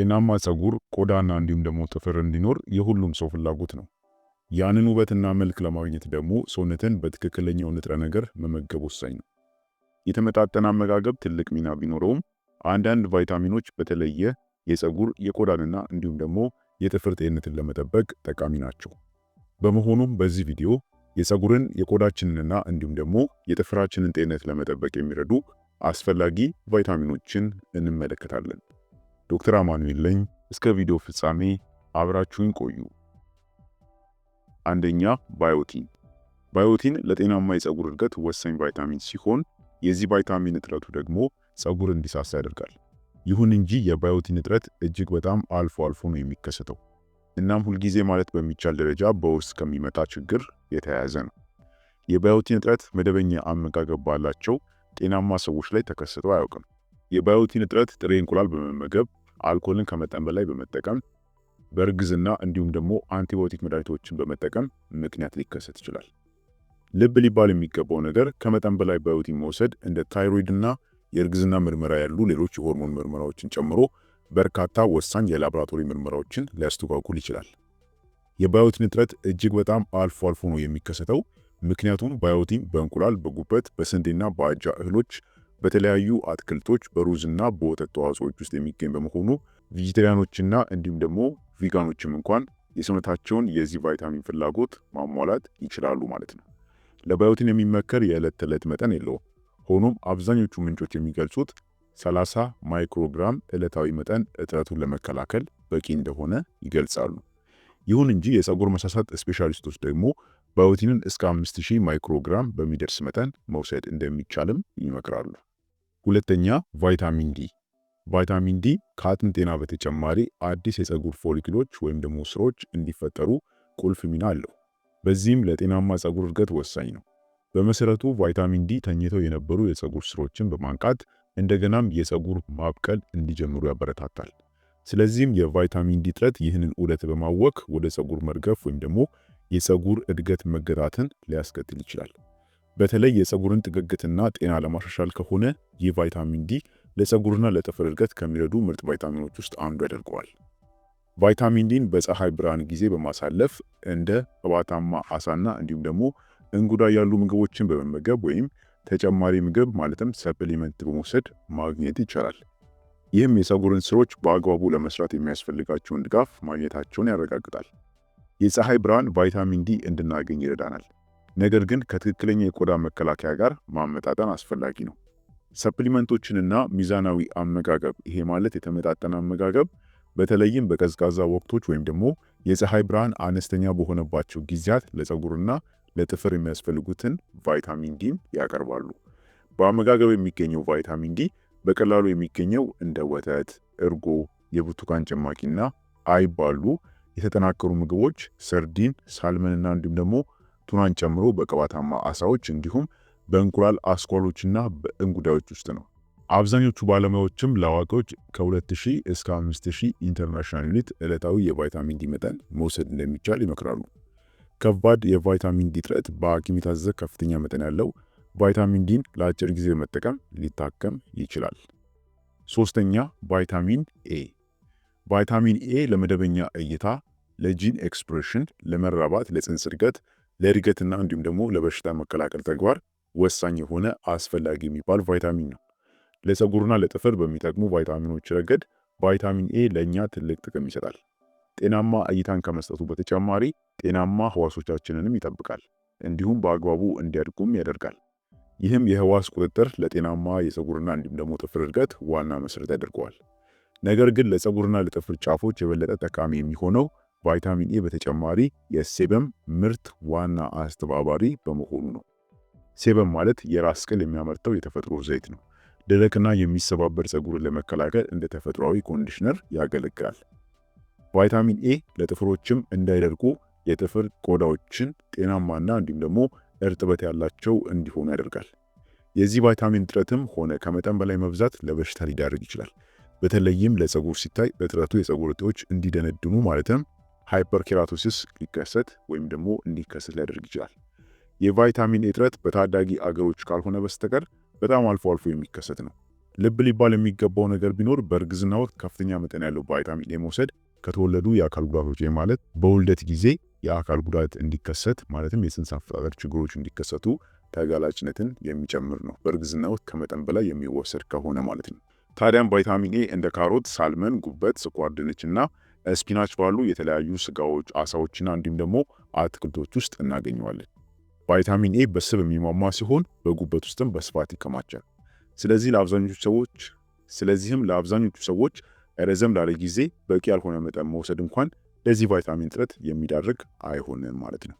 ጤናማ ፀጉር፣ ቆዳና እንዲሁም ደግሞ ጥፍር እንዲኖር የሁሉም ሰው ፍላጎት ነው። ያንን ውበትና መልክ ለማግኘት ደግሞ ሰውነትን በትክክለኛው ንጥረ ነገር መመገብ ወሳኝ ነው። የተመጣጠነ አመጋገብ ትልቅ ሚና ቢኖረውም አንዳንድ ቫይታሚኖች በተለየ የፀጉር የቆዳንና እንዲሁም ደግሞ የጥፍር ጤንነትን ለመጠበቅ ጠቃሚ ናቸው። በመሆኑም በዚህ ቪዲዮ የፀጉርን የቆዳችንንና እንዲሁም ደግሞ የጥፍራችንን ጤንነት ለመጠበቅ የሚረዱ አስፈላጊ ቫይታሚኖችን እንመለከታለን። ዶክተር አማኑኤል ነኝ። እስከ ቪዲዮ ፍጻሜ አብራችሁን ቆዩ። አንደኛ ባዮቲን። ባዮቲን ለጤናማ የፀጉር እድገት ወሳኝ ቫይታሚን ሲሆን የዚህ ቫይታሚን እጥረቱ ደግሞ ፀጉር እንዲሳሳ ያደርጋል። ይሁን እንጂ የባዮቲን እጥረት እጅግ በጣም አልፎ አልፎ ነው የሚከሰተው። እናም ሁልጊዜ ማለት በሚቻል ደረጃ በውስጥ ከሚመጣ ችግር የተያያዘ ነው። የባዮቲን እጥረት መደበኛ አመጋገብ ባላቸው ጤናማ ሰዎች ላይ ተከስቶ አያውቅም። የባዮቲን እጥረት ጥሬ እንቁላል በመመገብ አልኮልን ከመጠን በላይ በመጠቀም በእርግዝና እንዲሁም ደግሞ አንቲባዮቲክ መድኃኒቶችን በመጠቀም ምክንያት ሊከሰት ይችላል። ልብ ሊባል የሚገባው ነገር ከመጠን በላይ ባዮቲን መውሰድ እንደ ታይሮይድና የእርግዝና ምርመራ ያሉ ሌሎች የሆርሞን ምርመራዎችን ጨምሮ በርካታ ወሳኝ የላቦራቶሪ ምርመራዎችን ሊያስተጓጉል ይችላል። የባዮቲን እጥረት እጅግ በጣም አልፎ አልፎ ነው የሚከሰተው። ምክንያቱም ባዮቲን በእንቁላል፣ በጉበት፣ በስንዴና በአጃ እህሎች በተለያዩ አትክልቶች በሩዝና በወተት ተዋጽኦች ውስጥ የሚገኝ በመሆኑ ቬጂቴሪያኖችና እንዲሁም ደግሞ ቪጋኖችም እንኳን የሰውነታቸውን የዚህ ቫይታሚን ፍላጎት ማሟላት ይችላሉ ማለት ነው። ለባዮቲን የሚመከር የዕለት ተዕለት መጠን የለውም። ሆኖም አብዛኞቹ ምንጮች የሚገልጹት 30 ማይክሮግራም ዕለታዊ መጠን እጥረቱን ለመከላከል በቂ እንደሆነ ይገልጻሉ። ይሁን እንጂ የፀጉር መሳሳት ስፔሻሊስቶች ደግሞ ባዮቲንን እስከ 5000 ማይክሮግራም በሚደርስ መጠን መውሰድ እንደሚቻልም ይመክራሉ። ሁለተኛ ቫይታሚን ዲ ቫይታሚን ዲ ከአጥንት ጤና በተጨማሪ አዲስ የፀጉር ፎሊክሎች ወይም ደግሞ ስሮች እንዲፈጠሩ ቁልፍ ሚና አለው። በዚህም ለጤናማ ፀጉር እድገት ወሳኝ ነው። በመሰረቱ ቫይታሚን ዲ ተኝተው የነበሩ የፀጉር ስሮችን በማንቃት እንደገናም የፀጉር ማብቀል እንዲጀምሩ ያበረታታል። ስለዚህም የቫይታሚን ዲ እጥረት ይህንን ዑደት በማወክ ወደ ፀጉር መርገፍ ወይም ደግሞ የፀጉር እድገት መገታትን ሊያስከትል ይችላል። በተለይ የፀጉርን ጥግግትና ጤና ለማሻሻል ከሆነ ይህ ቫይታሚን ዲ ለፀጉርና ለጥፍር እድገት ከሚረዱ ምርጥ ቫይታሚኖች ውስጥ አንዱ ያደርገዋል። ቫይታሚን ዲን በፀሐይ ብርሃን ጊዜ በማሳለፍ እንደ ቅባታማ አሳና እንዲሁም ደግሞ እንጉዳይ ያሉ ምግቦችን በመመገብ ወይም ተጨማሪ ምግብ ማለትም ሰፕሊመንት በመውሰድ ማግኘት ይቻላል። ይህም የፀጉርን ስሮች በአግባቡ ለመስራት የሚያስፈልጋቸውን ድጋፍ ማግኘታቸውን ያረጋግጣል። የፀሐይ ብርሃን ቫይታሚን ዲ እንድናገኝ ይረዳናል። ነገር ግን ከትክክለኛ የቆዳ መከላከያ ጋር ማመጣጠን አስፈላጊ ነው። ሰፕሊመንቶችንና ሚዛናዊ አመጋገብ፣ ይሄ ማለት የተመጣጠነ አመጋገብ በተለይም በቀዝቃዛ ወቅቶች ወይም ደግሞ የፀሐይ ብርሃን አነስተኛ በሆነባቸው ጊዜያት ለፀጉርና ለጥፍር የሚያስፈልጉትን ቫይታሚን ዲም ያቀርባሉ። በአመጋገብ የሚገኘው ቫይታሚን ዲ በቀላሉ የሚገኘው እንደ ወተት፣ እርጎ፣ የብርቱካን ጭማቂና አይብ ባሉ የተጠናከሩ ምግቦች፣ ሰርዲን፣ ሳልመንና እንዲሁም ደግሞ ቱናን ጨምሮ በቅባታማ አሳዎች እንዲሁም በእንቁላል አስኳሎችና በእንጉዳዮች ውስጥ ነው። አብዛኞቹ ባለሙያዎችም ለአዋቂዎች ከ2000 እስከ 5000 ኢንተርናሽናል ዩኒት ዕለታዊ የቫይታሚን ዲ መጠን መውሰድ እንደሚቻል ይመክራሉ። ከባድ የቫይታሚን ዲ እጥረት በሐኪም የታዘዘ ከፍተኛ መጠን ያለው ቫይታሚን ዲን ለአጭር ጊዜ መጠቀም ሊታከም ይችላል። ሶስተኛ ቫይታሚን ኤ። ቫይታሚን ኤ ለመደበኛ እይታ፣ ለጂን ኤክስፕሬሽን፣ ለመራባት፣ ለፅንስ እድገት ለእድገትና እንዲሁም ደግሞ ለበሽታ መከላከል ተግባር ወሳኝ የሆነ አስፈላጊ የሚባል ቫይታሚን ነው። ለፀጉርና ለጥፍር በሚጠቅሙ ቫይታሚኖች ረገድ ቫይታሚን ኤ ለእኛ ትልቅ ጥቅም ይሰጣል። ጤናማ እይታን ከመስጠቱ በተጨማሪ ጤናማ ህዋሶቻችንንም ይጠብቃል፣ እንዲሁም በአግባቡ እንዲያድጉም ያደርጋል። ይህም የህዋስ ቁጥጥር ለጤናማ የፀጉርና እንዲሁም ደግሞ ጥፍር እድገት ዋና መሰረት ያደርገዋል። ነገር ግን ለፀጉርና ለጥፍር ጫፎች የበለጠ ጠቃሚ የሚሆነው ቫይታሚን ኤ በተጨማሪ የሴበም ምርት ዋና አስተባባሪ በመሆኑ ነው። ሴበም ማለት የራስ ቅል የሚያመርተው የተፈጥሮ ዘይት ነው። ደረቅና የሚሰባበር ፀጉርን ለመከላከል እንደ ተፈጥሯዊ ኮንዲሽነር ያገለግላል። ቫይታሚን ኤ ለጥፍሮችም እንዳይደርቁ የጥፍር ቆዳዎችን ጤናማና እንዲሁም ደግሞ እርጥበት ያላቸው እንዲሆኑ ያደርጋል። የዚህ ቫይታሚን እጥረትም ሆነ ከመጠን በላይ መብዛት ለበሽታ ሊዳርግ ይችላል። በተለይም ለፀጉር ሲታይ እጥረቱ የፀጉር እጢዎች እንዲደነድኑ ማለትም ሃይፐርኬራቶሲስ ሊከሰት ወይም ደግሞ እንዲከሰት ሊያደርግ ይችላል። የቫይታሚን እጥረት በታዳጊ አገሮች ካልሆነ በስተቀር በጣም አልፎ አልፎ የሚከሰት ነው። ልብ ሊባል የሚገባው ነገር ቢኖር በእርግዝና ወቅት ከፍተኛ መጠን ያለው ቫይታሚን የመውሰድ ከተወለዱ የአካል ጉዳቶች ማለት በውልደት ጊዜ የአካል ጉዳት እንዲከሰት ማለትም የፅንስ አፈጣጠር ችግሮች እንዲከሰቱ ተጋላጭነትን የሚጨምር ነው። በእርግዝና ወቅት ከመጠን በላይ የሚወሰድ ከሆነ ማለት ነው። ታዲያም ቫይታሚን ኤ እንደ ካሮት፣ ሳልመን፣ ጉበት፣ ስኳር ድንች እና ስፒናች ባሉ የተለያዩ ስጋዎች፣ አሳዎችና እንዲሁም ደግሞ አትክልቶች ውስጥ እናገኘዋለን። ቫይታሚን ኤ በስብ የሚሟሟ ሲሆን በጉበት ውስጥም በስፋት ይከማቻል። ስለዚህ ለአብዛኞቹ ሰዎች ስለዚህም ለአብዛኞቹ ሰዎች ረዘም ላለ ጊዜ በቂ ያልሆነ መጠን መውሰድ እንኳን ለዚህ ቫይታሚን እጥረት የሚዳርግ አይሆንም ማለት ነው።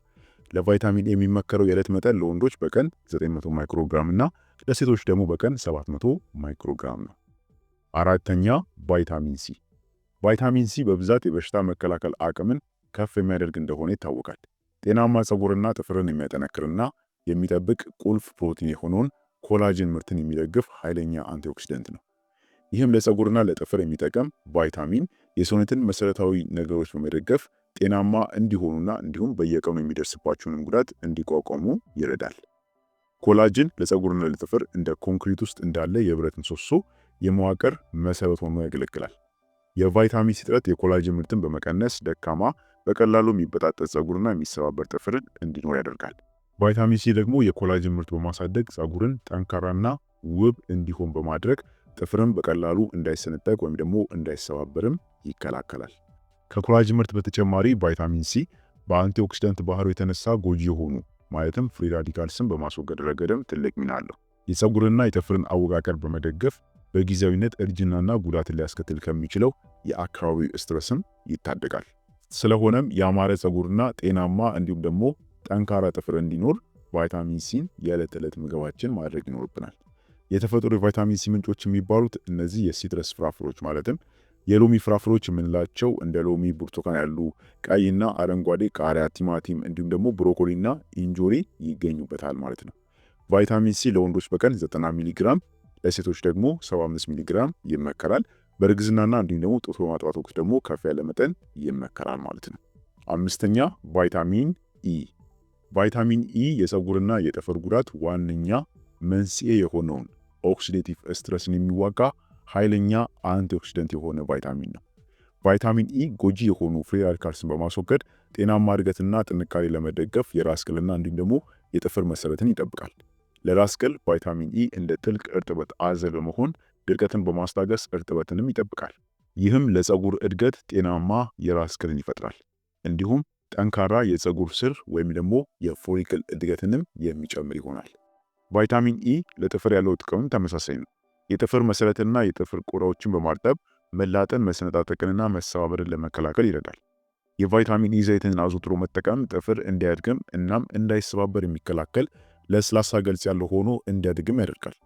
ለቫይታሚን ኤ የሚመከረው የዕለት መጠን ለወንዶች በቀን 900 ማይክሮግራም እና ለሴቶች ደግሞ በቀን 700 ማይክሮግራም ነው። አራተኛ ቫይታሚን ሲ ቫይታሚን ሲ በብዛት የበሽታ መከላከል አቅምን ከፍ የሚያደርግ እንደሆነ ይታወቃል። ጤናማ ፀጉርና ጥፍርን የሚያጠነክርና የሚጠብቅ ቁልፍ ፕሮቲን የሆነውን ኮላጅን ምርትን የሚደግፍ ኃይለኛ አንቲኦክሲደንት ነው። ይህም ለፀጉርና ለጥፍር የሚጠቀም ቫይታሚን የሰውነትን መሰረታዊ ነገሮች በመደገፍ ጤናማ እንዲሆኑና እንዲሁም በየቀኑ የሚደርስባቸውንም ጉዳት እንዲቋቋሙ ይረዳል። ኮላጅን ለፀጉርና ለጥፍር እንደ ኮንክሪት ውስጥ እንዳለ የብረት ምሰሶ የመዋቅር መሰረት ሆኖ ያገለግላል። የቫይታሚን ሲ እጥረት የኮላጅን ምርትን በመቀነስ ደካማ፣ በቀላሉ የሚበጣጠስ ጸጉርና የሚሰባበር ጥፍርን እንዲኖር ያደርጋል። ቫይታሚን ሲ ደግሞ የኮላጅን ምርት በማሳደግ ጸጉርን ጠንካራና ውብ እንዲሆን በማድረግ ጥፍርን በቀላሉ እንዳይሰነጠቅ ወይም ደግሞ እንዳይሰባበርም ይከላከላል። ከኮላጅን ምርት በተጨማሪ ቫይታሚን ሲ በአንቲኦክሲደንት ባህሩ የተነሳ ጎጂ የሆኑ ማለትም ፍሪ ራዲካልስን በማስወገድ ረገድም ትልቅ ሚና አለው። የጸጉርና የጥፍርን አወቃቀር በመደገፍ በጊዜያዊነት እርጅናና ጉዳትን ሊያስከትል ከሚችለው የአካባቢው ስትረስም ይታደጋል። ስለሆነም ያማረ ፀጉርና ጤናማ እንዲሁም ደግሞ ጠንካራ ጥፍር እንዲኖር ቫይታሚን ሲን የዕለት ተዕለት ምግባችን ማድረግ ይኖርብናል። የተፈጥሮ የቫይታሚን ሲ ምንጮች የሚባሉት እነዚህ የሲትረስ ፍራፍሬዎች ማለትም የሎሚ ፍራፍሬዎች የምንላቸው እንደ ሎሚ፣ ብርቱካን ያሉ ቀይና አረንጓዴ ቃሪያ፣ ቲማቲም እንዲሁም ደግሞ ብሮኮሊና ኢንጆሪ ይገኙበታል ማለት ነው። ቫይታሚን ሲ ለወንዶች በቀን 90 ሚሊ ግራም ለሴቶች ደግሞ 75 ሚሊግራም ይመከራል። በእርግዝናና እንዲሁም ደግሞ ጡት በማጥባት ወቅት ደግሞ ከፍ ያለ መጠን ይመከራል ማለት ነው። አምስተኛ ቫይታሚን ኢ። ቫይታሚን ኢ የፀጉርና የጥፍር ጉዳት ዋነኛ መንስኤ የሆነውን ኦክሲዴቲቭ ስትረስን የሚዋጋ ኃይለኛ አንቲኦክሲደንት የሆነ ቫይታሚን ነው። ቫይታሚን ኢ ጎጂ የሆኑ ፍሪ ራዲካልስን በማስወገድ ጤናማ እድገትና ጥንካሬ ለመደገፍ የራስ ቅልና እንዲሁም ደግሞ የጥፍር መሰረትን ይጠብቃል። ለራስ ቅል ቫይታሚን ኢ e እንደ ጥልቅ እርጥበት አዘ በመሆን ድርቀትን በማስታገስ እርጥበትንም ይጠብቃል። ይህም ለፀጉር እድገት ጤናማ የራስ ቅልን ይፈጥራል። እንዲሁም ጠንካራ የፀጉር ስር ወይም ደግሞ የፎሊክል እድገትንም የሚጨምር ይሆናል። ቫይታሚን ኢ e ለጥፍር ያለው ጥቅምም ተመሳሳይ ነው። የጥፍር መሰረትና የጥፍር ቁራዎችን በማርጠብ መላጠን፣ መሰነጣጠቅንና መሰባበርን ለመከላከል ይረዳል። የቫይታሚን ኢ e ዘይትን አዘውትሮ መጠቀም ጥፍር እንዲያድግም እናም እንዳይሰባበር የሚከላከል ለስላሳ ገልጽ ያለው ሆኖ እንዲያድግም ያደርጋል።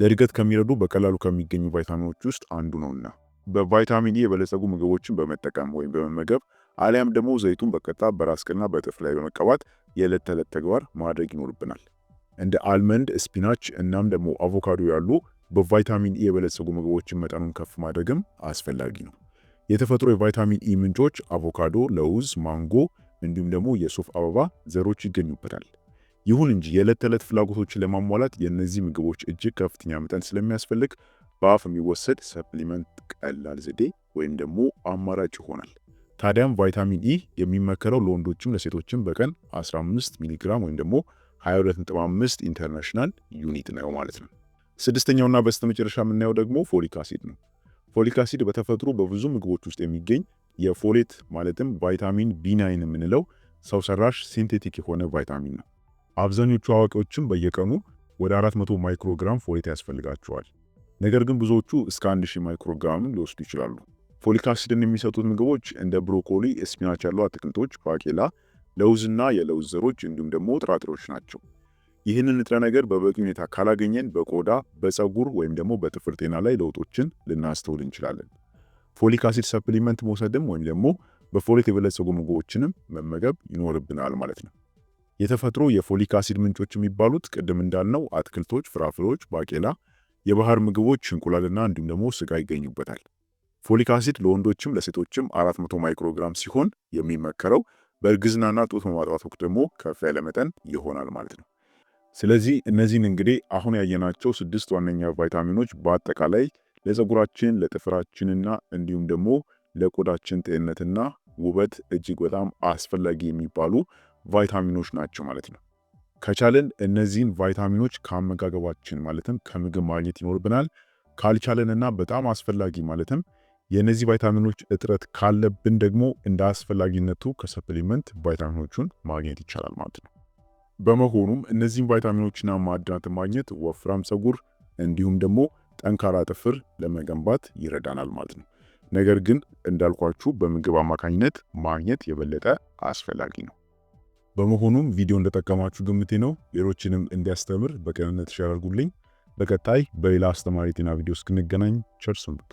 ለእድገት ከሚረዱ በቀላሉ ከሚገኙ ቫይታሚኖች ውስጥ አንዱ ነውና በቫይታሚን ኤ የበለጸጉ ምግቦችን በመጠቀም ወይም በመመገብ አሊያም ደግሞ ዘይቱን በቀጥታ በራስቅና በጥፍ ላይ በመቀባት የዕለት ተዕለት ተግባር ማድረግ ይኖርብናል። እንደ አልመንድ፣ ስፒናች እናም ደግሞ አቮካዶ ያሉ በቫይታሚን ኤ የበለጸጉ ምግቦችን መጠኑን ከፍ ማድረግም አስፈላጊ ነው። የተፈጥሮ የቫይታሚን ኢ ምንጮች አቮካዶ፣ ለውዝ፣ ማንጎ እንዲሁም ደግሞ የሱፍ አበባ ዘሮች ይገኙበታል። ይሁን እንጂ የዕለት ተዕለት ፍላጎቶችን ለማሟላት የእነዚህ ምግቦች እጅግ ከፍተኛ መጠን ስለሚያስፈልግ በአፍ የሚወሰድ ሰፕሊመንት ቀላል ዘዴ ወይም ደግሞ አማራጭ ይሆናል። ታዲያም ቫይታሚን ኢ የሚመከረው ለወንዶችም ለሴቶችም በቀን 15 ሚሊግራም ወይም ደግሞ 22.5 ኢንተርናሽናል ዩኒት ነው ማለት ነው። ስድስተኛውና በስተመጨረሻ የምናየው ደግሞ ፎሊክ አሲድ ነው። ፎሊክ አሲድ በተፈጥሮ በብዙ ምግቦች ውስጥ የሚገኝ የፎሌት ማለትም ቫይታሚን ቢናይን የምንለው ሰው ሰራሽ ሲንቴቲክ የሆነ ቫይታሚን ነው። አብዛኞቹ አዋቂዎችም በየቀኑ ወደ 400 ማይክሮግራም ፎሌት ያስፈልጋቸዋል። ነገር ግን ብዙዎቹ እስከ 1000 ማይክሮግራም ሊወስዱ ይችላሉ። ፎሊክ አሲድን የሚሰጡት ምግቦች እንደ ብሮኮሊ፣ ስፒናች ያሉ አትክልቶች፣ ባቄላ፣ ለውዝና የለውዝ ዘሮች እንዲሁም ደግሞ ጥራጥሬዎች ናቸው። ይህንን ንጥረ ነገር በበቂ ሁኔታ ካላገኘን በቆዳ በፀጉር ወይም ደግሞ በጥፍር ጤና ላይ ለውጦችን ልናስተውል እንችላለን። ፎሊክ አሲድ ሰፕሊመንት መውሰድም ወይም ደግሞ በፎሌት የበለጸጉ ምግቦችንም መመገብ ይኖርብናል ማለት ነው። የተፈጥሮ የፎሊክ አሲድ ምንጮች የሚባሉት ቅድም እንዳልነው አትክልቶች፣ ፍራፍሬዎች፣ ባቄላ፣ የባህር ምግቦች፣ እንቁላልና እንዲሁም ደግሞ ስጋ ይገኙበታል። ፎሊክ አሲድ ለወንዶችም ለሴቶችም 400 ማይክሮግራም ሲሆን የሚመከረው በእርግዝናና ጡት በማጥባት ወቅት ደግሞ ከፍ ያለ መጠን ይሆናል ማለት ነው። ስለዚህ እነዚህን እንግዲህ አሁን ያየናቸው ስድስት ዋነኛ ቫይታሚኖች በአጠቃላይ ለፀጉራችን ለጥፍራችንና እንዲሁም ደግሞ ለቆዳችን ጤንነትና ውበት እጅግ በጣም አስፈላጊ የሚባሉ ቫይታሚኖች ናቸው ማለት ነው። ከቻለን እነዚህን ቫይታሚኖች ከአመጋገባችን ማለትም ከምግብ ማግኘት ይኖርብናል። ካልቻለንና በጣም አስፈላጊ ማለትም የእነዚህ ቫይታሚኖች እጥረት ካለብን ደግሞ እንደ አስፈላጊነቱ ከሰፕሊመንት ቫይታሚኖቹን ማግኘት ይቻላል ማለት ነው። በመሆኑም እነዚህን ቫይታሚኖችና ማዕድናትን ማግኘት ወፍራም ፀጉር እንዲሁም ደግሞ ጠንካራ ጥፍር ለመገንባት ይረዳናል ማለት ነው። ነገር ግን እንዳልኳችሁ በምግብ አማካኝነት ማግኘት የበለጠ አስፈላጊ ነው። በመሆኑም ቪዲዮ እንደጠቀማችሁ ግምቴ ነው። ሌሎችንም እንዲያስተምር በቅንነት ሸር አድርጉልኝ። በቀጣይ በሌላ አስተማሪ የጤና ቪዲዮ እስክንገናኝ ቸር ሰንብቱ።